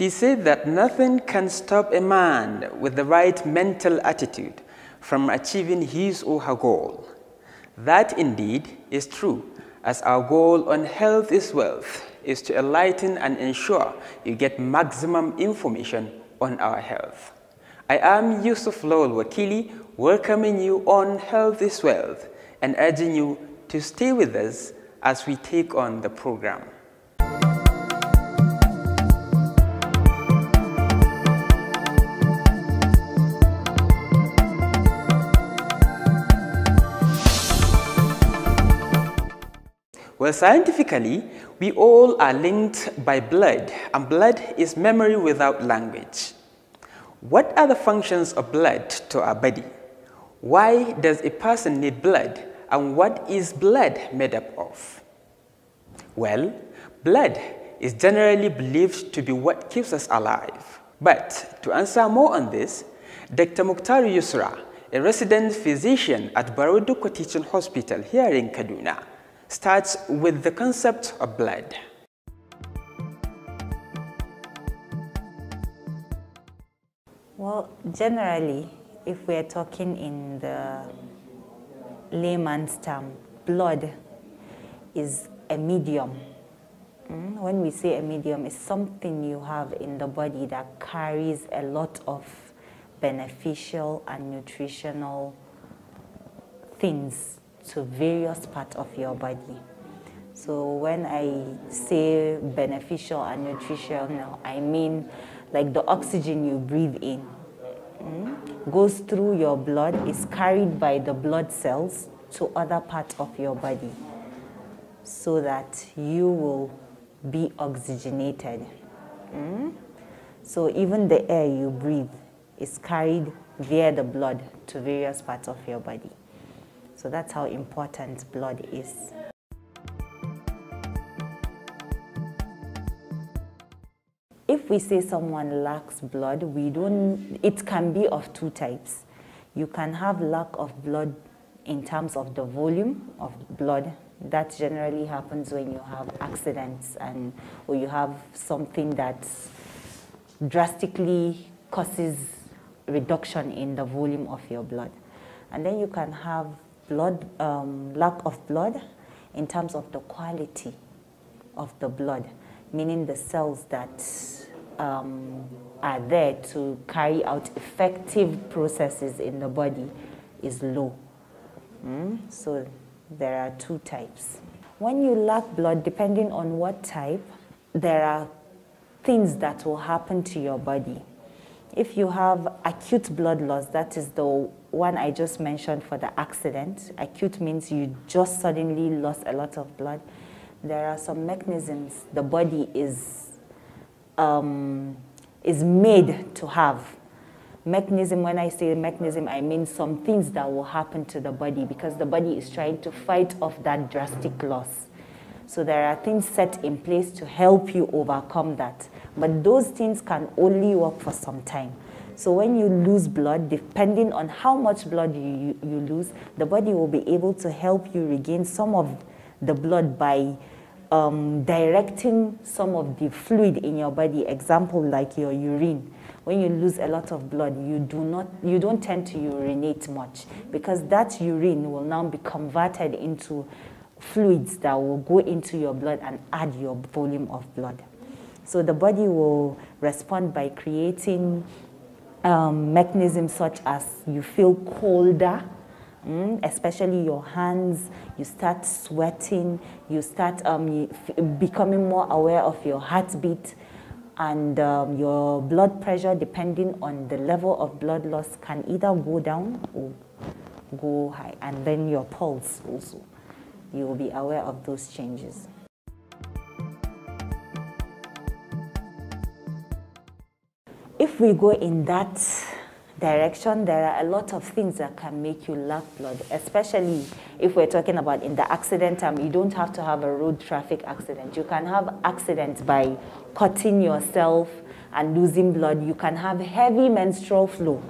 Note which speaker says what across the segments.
Speaker 1: It is said that nothing can stop a man with the right mental attitude from achieving his or her goal. That indeed is true, as our goal on health is wealth is to enlighten and ensure you get maximum information on our health. I am Yusuf Lowell Wakili, welcoming you on Health is Wealth and urging you to stay with us as we take on the program. Well, scientifically, we all are linked by blood, and blood is memory without language. What are the functions of blood to our body? Why does a person need blood, and what is blood made up of? Well, blood is generally believed to be what keeps us alive. But to answer more on this, Dr. Mukhtar Yusra, a resident physician at Baroduko Teaching Hospital here in Kaduna, starts with the concept of blood.
Speaker 2: Well, generally, if we are talking in the layman's term, blood is a medium. Hmm? When we say a medium, it's something you have in the body that carries a lot of beneficial and nutritional things to various parts of your body. So when I say beneficial and nutritional, I mean like the oxygen you breathe in mm, goes through your blood, is carried by the blood cells to other parts of your body so that you will be oxygenated. Mm? So even the air you breathe is carried via the blood to various parts of your body. So that's how important blood is. If we say someone lacks blood, we don't, it can be of two types. You can have lack of blood in terms of the volume of blood that generally happens when you have accidents and or you have something that drastically causes reduction in the volume of your blood and then you can have blood, um, lack of blood in terms of the quality of the blood, meaning the cells that um, are there to carry out effective processes in the body is low. Mm? So there are two types. When you lack blood, depending on what type, there are things that will happen to your body. If you have acute blood loss, that is the one I just mentioned for the accident. Acute means you just suddenly lost a lot of blood. There are some mechanisms the body is, um, is made to have. Mechanism, when I say mechanism, I mean some things that will happen to the body because the body is trying to fight off that drastic loss. So there are things set in place to help you overcome that. But those things can only work for some time. So when you lose blood, depending on how much blood you, you lose, the body will be able to help you regain some of the blood by um, directing some of the fluid in your body, example like your urine. When you lose a lot of blood, you do not you don't tend to urinate much because that urine will now be converted into fluids that will go into your blood and add your volume of blood. So the body will respond by creating um, mechanisms such as you feel colder, mm, especially your hands, you start sweating, you start um, becoming more aware of your heartbeat and um, your blood pressure depending on the level of blood loss can either go down or go high and then your pulse also you will be aware of those changes if we go in that direction, there are a lot of things that can make you lack blood, especially if we're talking about in the accident time, you don't have to have a road traffic accident. You can have accidents by cutting yourself and losing blood. You can have heavy menstrual flow,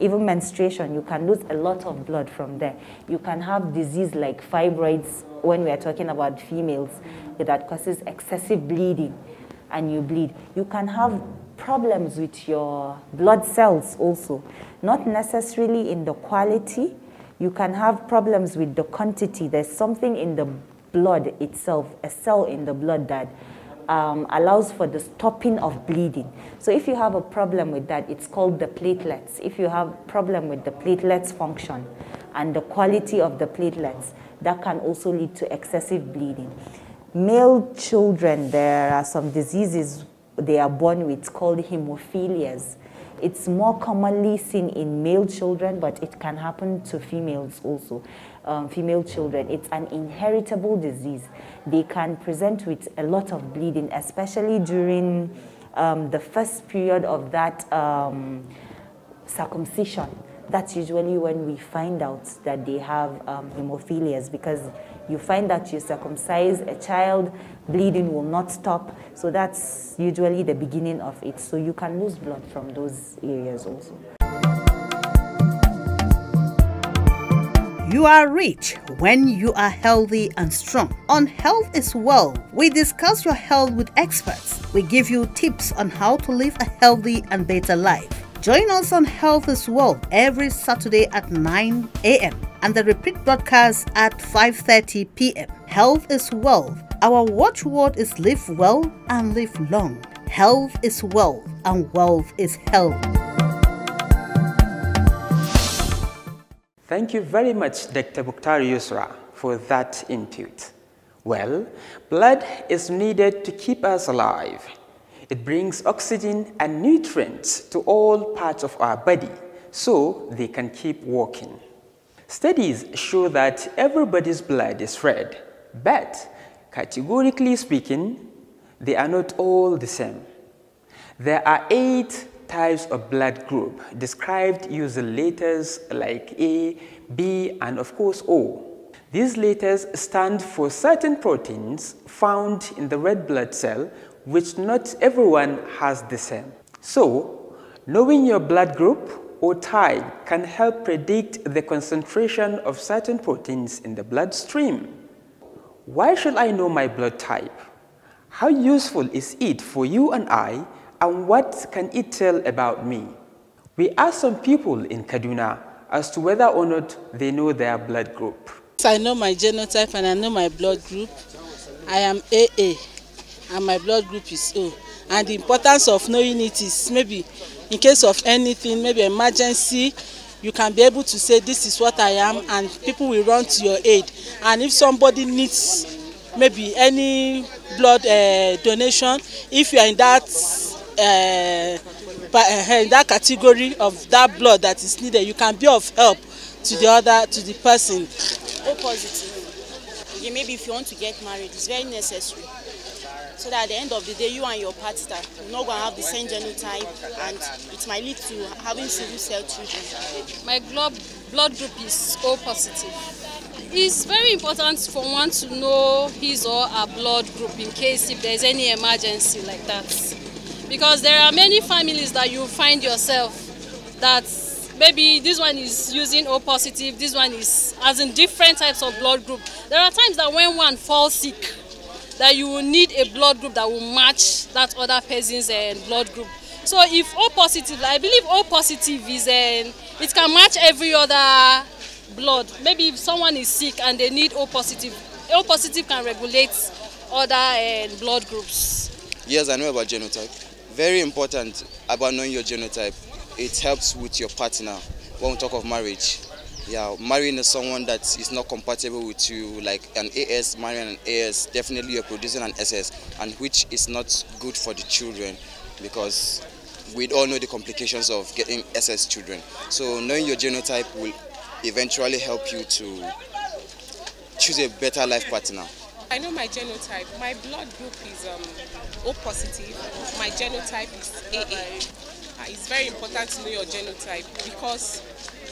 Speaker 2: even menstruation. You can lose a lot of blood from there. You can have disease like fibroids when we are talking about females that causes excessive bleeding and you bleed. You can have problems with your blood cells also, not necessarily in the quality. You can have problems with the quantity. There's something in the blood itself, a cell in the blood that um, allows for the stopping of bleeding. So if you have a problem with that, it's called the platelets. If you have problem with the platelets function and the quality of the platelets, that can also lead to excessive bleeding. Male children, there are some diseases they are born with called hemophilias. It's more commonly seen in male children, but it can happen to females also, um, female children. It's an inheritable disease. They can present with a lot of bleeding, especially during um, the first period of that um, circumcision. That's usually when we find out that they have um, hemophilias because you find that you circumcise a child, bleeding will not stop. So that's usually the beginning of it. So you can lose blood from those areas also.
Speaker 3: You are rich when you are healthy and strong. On Health is Well, we discuss your health with experts. We give you tips on how to live a healthy and better life. Join us on Health is Well every Saturday at 9 a.m and the repeat broadcast at 5.30 p.m. Health is wealth. Our watchword is live well and live long. Health is wealth and wealth is health.
Speaker 1: Thank you very much, Dr. Bukhtar Yusra, for that input. Well, blood is needed to keep us alive. It brings oxygen and nutrients to all parts of our body so they can keep working. Studies show that everybody's blood is red, but categorically speaking, they are not all the same. There are eight types of blood group described using letters like A, B, and of course O. These letters stand for certain proteins found in the red blood cell, which not everyone has the same. So, knowing your blood group or tide can help predict the concentration of certain proteins in the bloodstream. Why should I know my blood type? How useful is it for you and I, and what can it tell about me? We asked some people in Kaduna as to whether or not they know their blood group. I know my genotype and I know my blood group. I am AA and my blood group is O. and the importance of knowing it is maybe in case of anything maybe emergency you can be able to say this is what i am and people will run to your aid and if somebody needs maybe any blood uh, donation if you are in that uh, in that category of that blood that is needed you can be of help to the other to the person.
Speaker 2: o positive maybe if you want to get married it's very necessary so that at the end of the day, you and your partner are not going to have the same genotype, and it might lead to
Speaker 3: having single cell children. My blood, blood group is O positive. It's very important for one to know his or her blood group in case if there's any emergency like that. Because there are many families that you find yourself that maybe this one is using O positive, this one is as in different types of blood group. There are times that when one falls sick, that you will need a blood group that will match that other person's uh, blood group. So if O positive, I believe O positive is, uh, it can match every other blood. Maybe if someone is sick and they need O positive, O positive can regulate other uh, blood groups.
Speaker 1: Yes, I know about genotype. Very important about knowing your genotype. It helps with your partner when we talk of marriage. yeah, marrying someone that is not compatible with you, like an AS, marrying an AS, definitely you're producing an SS, and which is not good for the children because we all know the complications of getting SS children. So knowing your genotype will eventually help you to choose a better life partner. I know my genotype. My blood group is um, O positive. My genotype is AA. Ah, it's very important to know your genotype because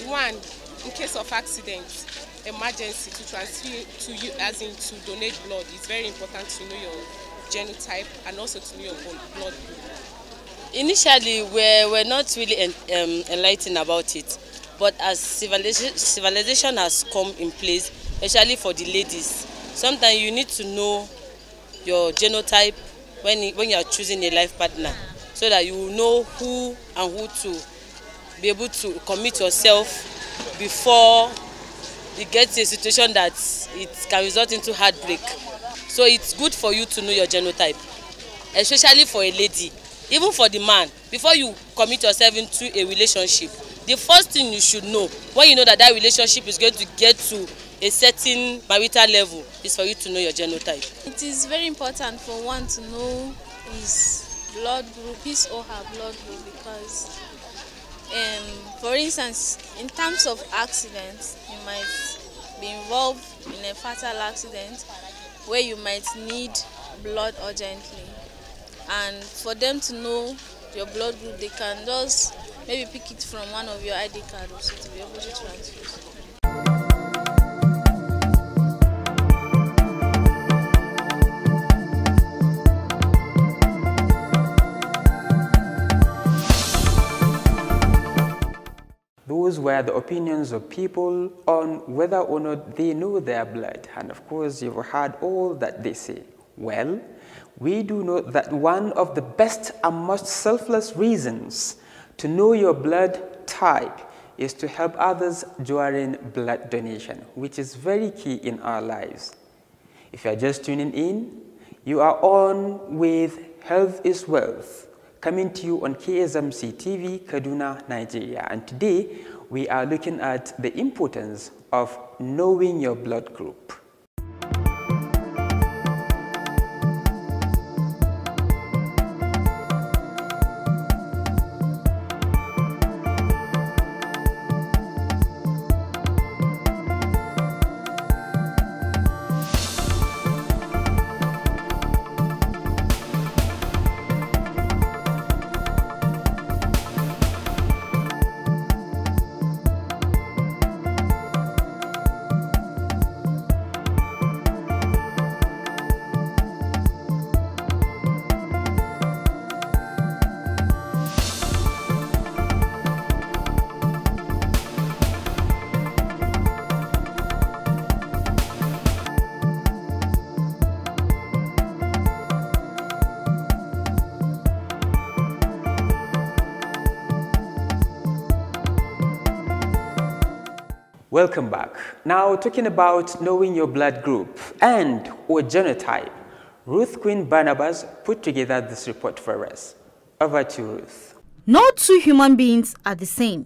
Speaker 1: one, in case of accident emergency to transfer to you as in to donate blood it's very important to know your genotype and also to know your blood Initially, we were not really en um, enlightened about it, but as civilization, civilization has come in place, especially for the ladies, sometimes you need to know your genotype when, when you are choosing a life partner so that you know who and who to be able to commit yourself before you get to a situation that it can result into heartbreak so it's good for you to know your genotype especially for a lady even for the man before you commit yourself into a relationship the first thing you should know when you know that that relationship is going to get to a certain marital level is for you to know your genotype.
Speaker 3: it is very important for one to know his blood group his or her blood group because
Speaker 4: um, for instance, in terms of accidents, you might be involved in a fatal accident where you might need blood urgently. And for them to know your blood group, they can just maybe
Speaker 3: pick it from one of your ID cards so to be able to transfuse.
Speaker 1: those were the opinions of people on whether or not they know their blood. And of course, you've heard all that they say. Well, we do know that one of the best and most selfless reasons to know your blood type is to help others during blood donation, which is very key in our lives. If you are just tuning in, you are on with Health is Wealth, coming to you on KSMC TV, Kaduna, Nigeria. And today, we are looking at the importance of knowing your blood group. Welcome back. Now talking about knowing your blood group and or genotype, Ruth Queen Barnabas put together this report for us. Over to Ruth.
Speaker 4: No two human beings are the same.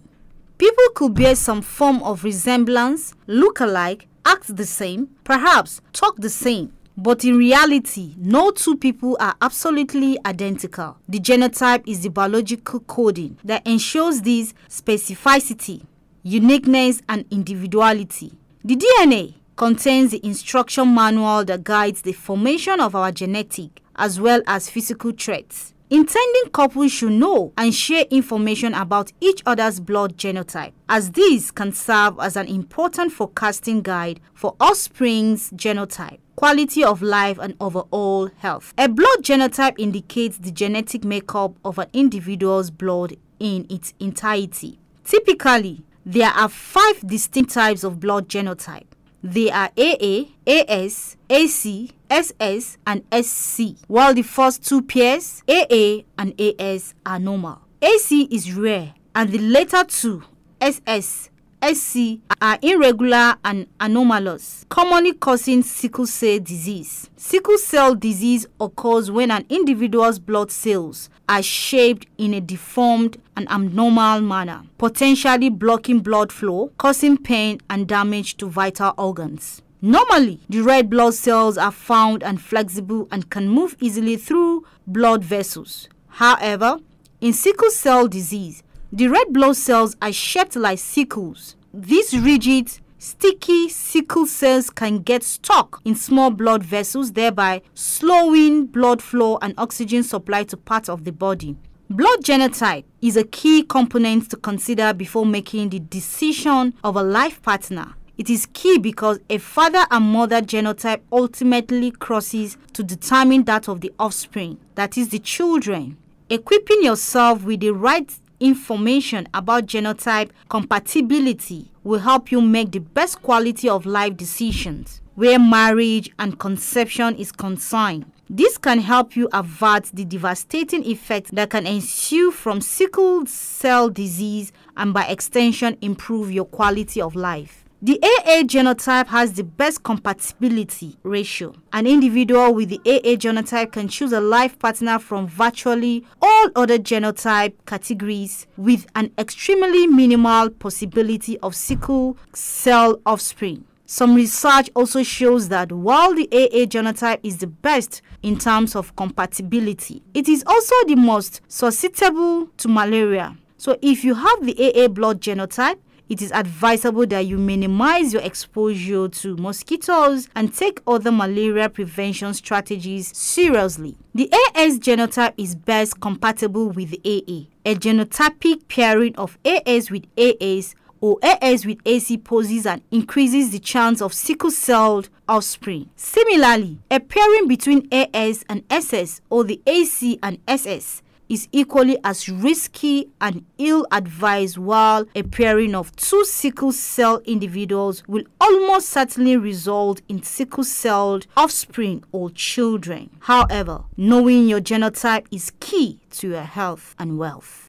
Speaker 4: People could bear some form of resemblance, look alike, act the same, perhaps talk the same. But in reality, no two people are absolutely identical. The genotype is the biological coding that ensures this specificity uniqueness, and individuality. The DNA contains the instruction manual that guides the formation of our genetic as well as physical traits. Intending couples should know and share information about each other's blood genotype, as these can serve as an important forecasting guide for offspring's genotype, quality of life, and overall health. A blood genotype indicates the genetic makeup of an individual's blood in its entirety. Typically, there are five distinct types of blood genotype. They are AA, AS, AC, SS, and SC, while the first two pairs, AA and AS, are normal. AC is rare, and the later two, SS SC are irregular and anomalous, commonly causing sickle cell disease. Sickle cell disease occurs when an individual's blood cells are shaped in a deformed and abnormal manner, potentially blocking blood flow, causing pain and damage to vital organs. Normally, the red blood cells are found and flexible and can move easily through blood vessels. However, in sickle cell disease, the red blood cells are shaped like sickles. These rigid, sticky sickle cells can get stuck in small blood vessels, thereby slowing blood flow and oxygen supply to parts of the body. Blood genotype is a key component to consider before making the decision of a life partner. It is key because a father and mother genotype ultimately crosses to determine that of the offspring, that is, the children. Equipping yourself with the right information about genotype compatibility will help you make the best quality of life decisions where marriage and conception is concerned. This can help you avert the devastating effects that can ensue from sickle cell disease and by extension improve your quality of life. The AA genotype has the best compatibility ratio. An individual with the AA genotype can choose a life partner from virtually all other genotype categories with an extremely minimal possibility of sickle cell offspring. Some research also shows that while the AA genotype is the best in terms of compatibility, it is also the most susceptible to malaria. So if you have the AA blood genotype, it is advisable that you minimize your exposure to mosquitoes and take other malaria prevention strategies seriously. The AS genotype is best compatible with AA. A genotypic pairing of AS with AS or AS with AC poses and increases the chance of sickle cell offspring. Similarly, a pairing between AS and SS or the AC and SS is equally as risky and ill advised while a pairing of two sickle cell individuals will almost certainly result in sickle celled offspring or children. However, knowing your genotype is key to your health and wealth.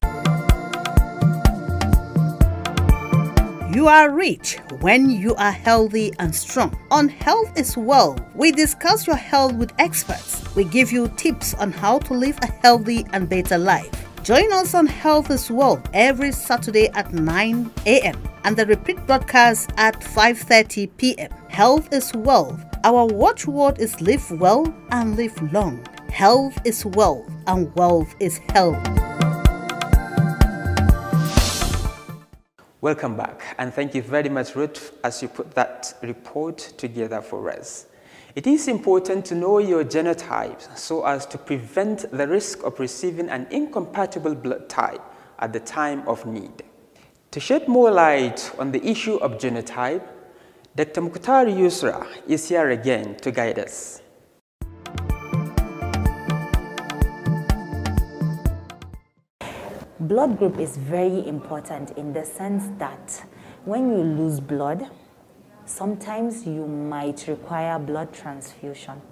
Speaker 3: You are rich when you are healthy and strong. On Health is Well, we discuss your health with experts. We give you tips on how to live a healthy and better life. Join us on Health is Well every Saturday at 9 a.m. and the repeat broadcast at 5:30 p.m. Health is Wealth. Our watchword is live well and live long. Health is wealth and wealth is health.
Speaker 1: Welcome back, and thank you very much, Ruth, as you put that report together for us. It is important to know your genotypes so as to prevent the risk of receiving an incompatible blood type at the time of need. To shed more light on the issue of genotype, Dr. Mukhtar Yusra is here again to guide us.
Speaker 2: Blood group is very important in the sense that when you lose blood, sometimes you might require blood transfusion.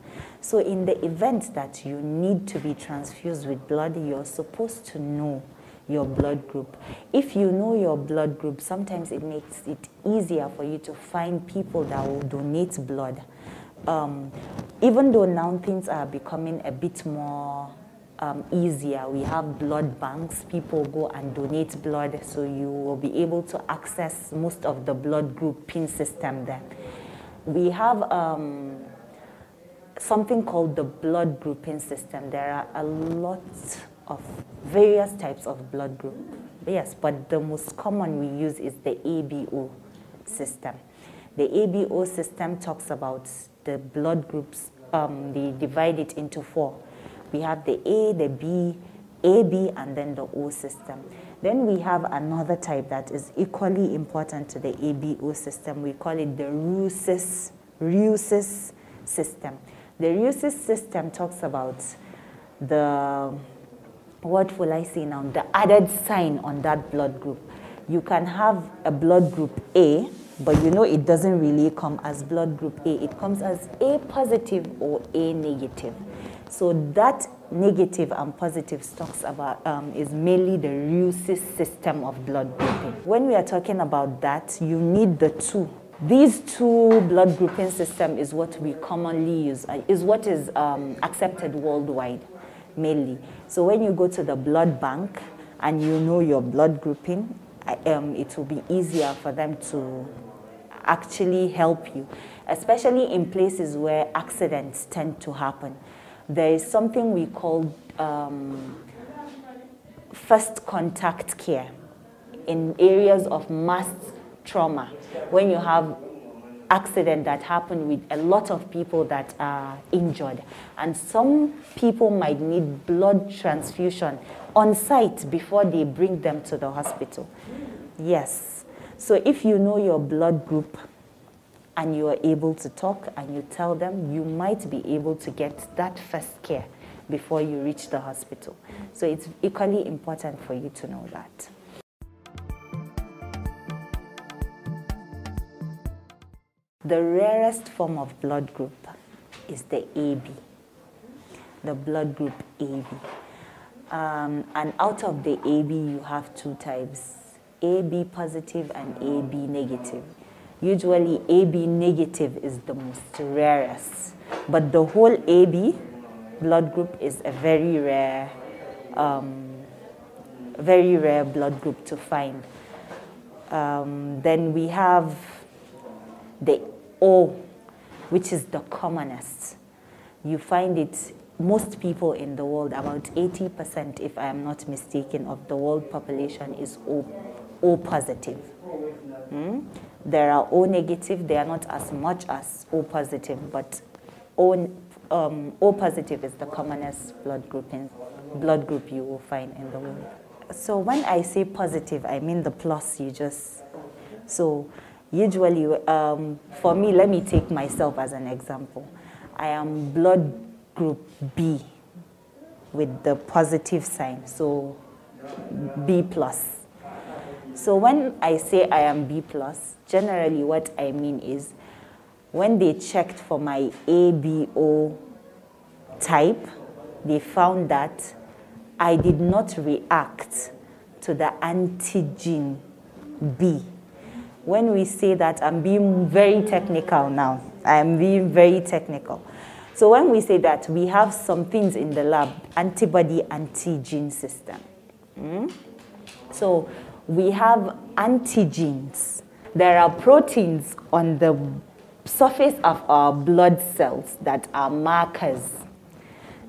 Speaker 2: So, in the event that you need to be transfused with blood, you're supposed to know your blood group. If you know your blood group, sometimes it makes it easier for you to find people that will donate blood. Um, even though now things are becoming a bit more um, easier. We have blood banks. People go and donate blood, so you will be able to access most of the blood group PIN system there. We have um, something called the blood grouping system. There are a lot of various types of blood group. Yes, but the most common we use is the ABO system. The ABO system talks about the blood groups. Um, they divide it into four we have the A, the B, AB, and then the O system. Then we have another type that is equally important to the ABO system. We call it the RUSIS, RUSIS system. The RUSIS system talks about the, what will I say now, the added sign on that blood group. You can have a blood group A, but you know it doesn't really come as blood group A. It comes as A positive or A negative. So that negative and positive stocks about, um, is mainly the Reusis system of blood grouping. When we are talking about that, you need the two. These two blood grouping system is what we commonly use, uh, is what is um, accepted worldwide mainly. So when you go to the blood bank and you know your blood grouping, um, it will be easier for them to actually help you, especially in places where accidents tend to happen there is something we call um, first contact care in areas of mass trauma when you have accident that happened with a lot of people that are injured and some people might need blood transfusion on site before they bring them to the hospital yes so if you know your blood group and you are able to talk and you tell them, you might be able to get that first care before you reach the hospital. So it's equally important for you to know that. The rarest form of blood group is the AB, the blood group AB. Um, and out of the AB, you have two types, AB positive and AB negative usually AB negative is the most rarest. But the whole AB blood group is a very rare, um, very rare blood group to find. Um, then we have the O, which is the commonest. You find it most people in the world, about 80%, if I am not mistaken, of the world population is O, o positive. Mm? There are O negative, they are not as much as O positive, but O, um, o positive is the commonest blood group, in, blood group you will find in the womb. So when I say positive, I mean the plus you just, so usually um, for me, let me take myself as an example. I am blood group B with the positive sign, so B plus. So when I say I am B plus, generally what I mean is when they checked for my ABO type, they found that I did not react to the antigen B. When we say that, I'm being very technical now. I'm being very technical. So when we say that, we have some things in the lab, antibody antigen system. Mm? So we have antigens. There are proteins on the surface of our blood cells that are markers.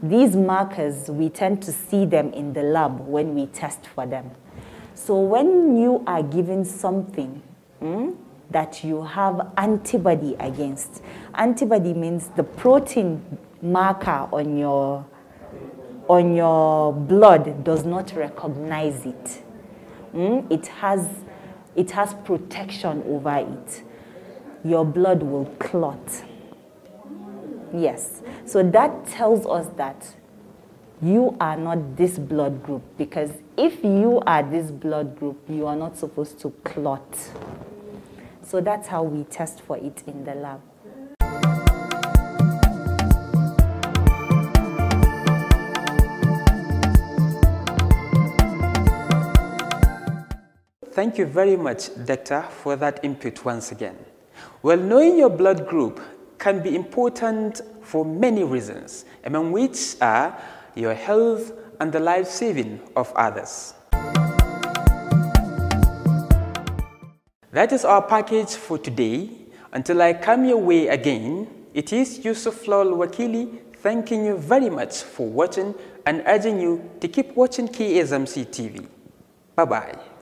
Speaker 2: These markers, we tend to see them in the lab when we test for them. So when you are given something hmm, that you have antibody against, antibody means the protein marker on your, on your blood does not recognize it. Mm? It, has, it has protection over it. Your blood will clot. Yes. So that tells us that you are not this blood group because if you are this blood group, you are not supposed to clot. So that's how we test for it in the lab.
Speaker 1: Thank you very much, Doctor, for that input once again. Well, knowing your blood group can be important for many reasons, among which are your health and the life saving of others. That is our package for today. Until I come your way again, it is Yusuf Lawal Wakili thanking you very much for watching and urging you to keep watching KSMC TV. Bye-bye.